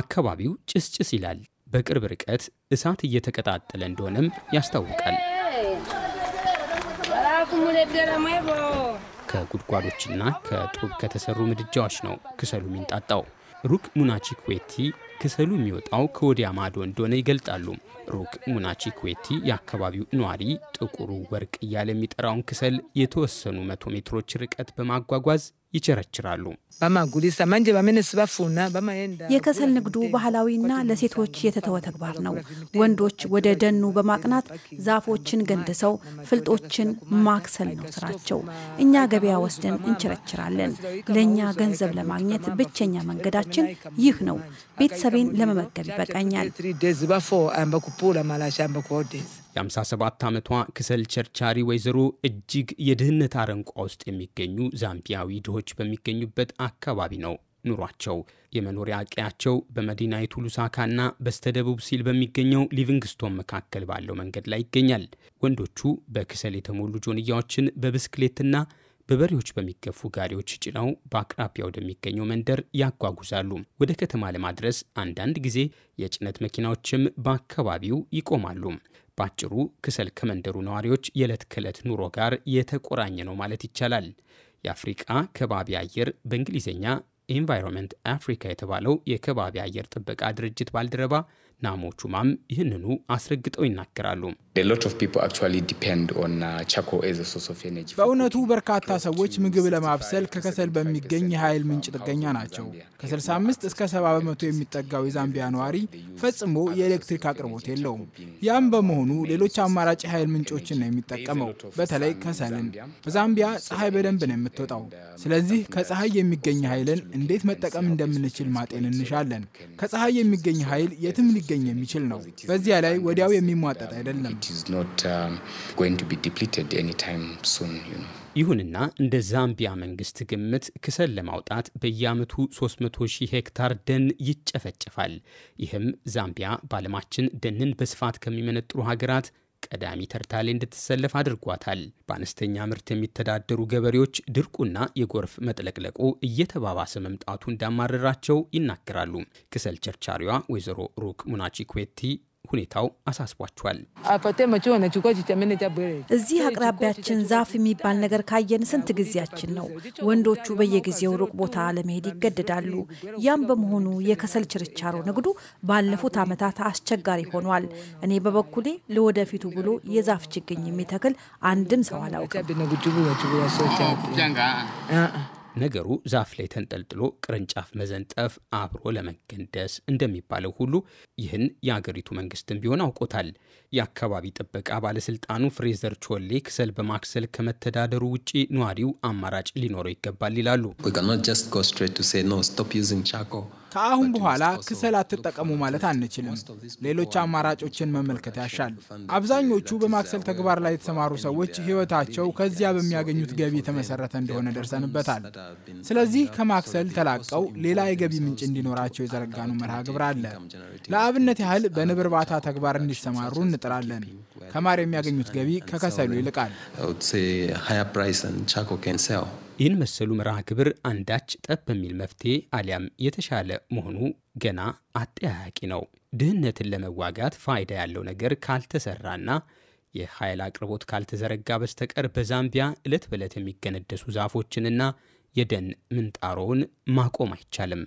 አካባቢው ጭስጭስ ይላል። በቅርብ ርቀት እሳት እየተቀጣጠለ እንደሆነም ያስታውቃል። ከጉድጓዶችና ከጡብ ከተሰሩ ምድጃዎች ነው ክሰሉ የሚንጣጣው። ሩክ ሙናቺ ኩዌቲ ክሰሉ የሚወጣው ከወዲያ ማዶ እንደሆነ ይገልጣሉ። ሩክ ሙናቺ ኩዌቲ የአካባቢው ነዋሪ ጥቁሩ ወርቅ እያለ የሚጠራውን ክሰል የተወሰኑ መቶ ሜትሮች ርቀት በማጓጓዝ ይቸረችራሉ። የከሰል ንግዱ ባህላዊና ለሴቶች የተተወ ተግባር ነው። ወንዶች ወደ ደኑ በማቅናት ዛፎችን ገንድሰው ፍልጦችን ማክሰል ነው ስራቸው። እኛ ገበያ ወስደን እንቸረችራለን። ለእኛ ገንዘብ ለማግኘት ብቸኛ መንገዳችን ይህ ነው። ቤተሰቤን ለመመገብ ይበቃኛል። የ57 ዓመቷ ክሰል ቸርቻሪ ወይዘሮ እጅግ የድህነት አረንቋ ውስጥ የሚገኙ ዛምቢያዊ ድሆች በሚገኙበት አካባቢ ነው ኑሯቸው። የመኖሪያ ቀያቸው በመዲናይቱ ሉሳካና በስተደቡብ ሲል በሚገኘው ሊቪንግስቶን መካከል ባለው መንገድ ላይ ይገኛል። ወንዶቹ በክሰል የተሞሉ ጆንያዎችን በብስክሌትና በበሬዎች በሚገፉ ጋሪዎች ጭነው በአቅራቢያ ወደሚገኘው መንደር ያጓጉዛሉ። ወደ ከተማ ለማድረስ አንዳንድ ጊዜ የጭነት መኪናዎችም በአካባቢው ይቆማሉ። ባጭሩ ክሰል ከመንደሩ ነዋሪዎች የዕለት ከዕለት ኑሮ ጋር የተቆራኘ ነው ማለት ይቻላል። የአፍሪቃ ከባቢ አየር በእንግሊዝኛ ኤንቫይሮንመንት አፍሪካ የተባለው የከባቢ አየር ጥበቃ ድርጅት ባልደረባ ናሞቹማም ይህንኑ አስረግጠው ይናገራሉ። uh, በእውነቱ በርካታ ሰዎች ምግብ ለማብሰል ከከሰል በሚገኝ የኃይል ምንጭ ጥገኛ ናቸው። ከ65 እስከ 70 በመቶ የሚጠጋው የዛምቢያ ነዋሪ ፈጽሞ የኤሌክትሪክ አቅርቦት የለውም። ያም በመሆኑ ሌሎች አማራጭ የኃይል ምንጮችን ነው የሚጠቀመው፣ በተለይ ከሰልን። በዛምቢያ ፀሐይ በደንብ ነው የምትወጣው። ስለዚህ ከፀሐይ የሚገኝ ኃይልን እንዴት መጠቀም እንደምንችል ማጤን እንሻለን። ከፀሐይ የሚገኝ ኃይል የትም ሊገኝ የሚችል ነው። በዚያ ላይ ወዲያው የሚሟጠጥ አይደለም። um, ይሁንና እንደ ዛምቢያ መንግስት ግምት ክሰል ለማውጣት በየአመቱ 300 ሺህ ሄክታር ደን ይጨፈጨፋል። ይህም ዛምቢያ በዓለማችን ደንን በስፋት ከሚመነጥሩ ሀገራት ቀዳሚ ተርታ ላይ እንድትሰለፍ አድርጓታል። በአነስተኛ ምርት የሚተዳደሩ ገበሬዎች ድርቁና የጎርፍ መጥለቅለቁ እየተባባሰ መምጣቱ እንዳማረራቸው ይናገራሉ። ክሰል ቸርቻሪዋ ወይዘሮ ሩክ ሙናቺ ኩዌቲ ሁኔታው አሳስቧቸዋል። እዚህ አቅራቢያችን ዛፍ የሚባል ነገር ካየን ስንት ጊዜያችን ነው። ወንዶቹ በየጊዜው ሩቅ ቦታ ለመሄድ ይገደዳሉ። ያም በመሆኑ የከሰል ችርቻሮ ንግዱ ባለፉት ዓመታት አስቸጋሪ ሆኗል። እኔ በበኩሌ ለወደፊቱ ብሎ የዛፍ ችግኝ የሚተክል አንድም ሰው አላውቅም። ነገሩ ዛፍ ላይ ተንጠልጥሎ ቅርንጫፍ መዘንጠፍ አብሮ ለመገንደስ እንደሚባለው ሁሉ ይህን የአገሪቱ መንግስትም ቢሆን አውቆታል። የአካባቢ ጥበቃ ባለስልጣኑ ፍሬዘር ቾሌ ክሰል በማክሰል ከመተዳደሩ ውጪ ነዋሪው አማራጭ ሊኖረው ይገባል ይላሉ። ከአሁን በኋላ ክሰል አትጠቀሙ ማለት አንችልም። ሌሎች አማራጮችን መመልከት ያሻል። አብዛኞቹ በማክሰል ተግባር ላይ የተሰማሩ ሰዎች ሕይወታቸው ከዚያ በሚያገኙት ገቢ የተመሰረተ እንደሆነ ደርሰንበታል። ስለዚህ ከማክሰል ተላቀው ሌላ የገቢ ምንጭ እንዲኖራቸው የዘረጋኑ መርሃ ግብር አለ። ለአብነት ያህል በንብ እርባታ ተግባር እንዲሰማሩ እንጥራለን። ከማር የሚያገኙት ገቢ ከከሰሉ ይልቃል። ይህን መሰሉ መርሃ ግብር አንዳች ጠብ በሚል መፍትሄ አሊያም የተሻለ መሆኑ ገና አጠያያቂ ነው። ድህነትን ለመዋጋት ፋይዳ ያለው ነገር ካልተሰራና የኃይል አቅርቦት ካልተዘረጋ በስተቀር በዛምቢያ ዕለት በዕለት የሚገነደሱ ዛፎችንና የደን ምንጣሮውን ማቆም አይቻልም።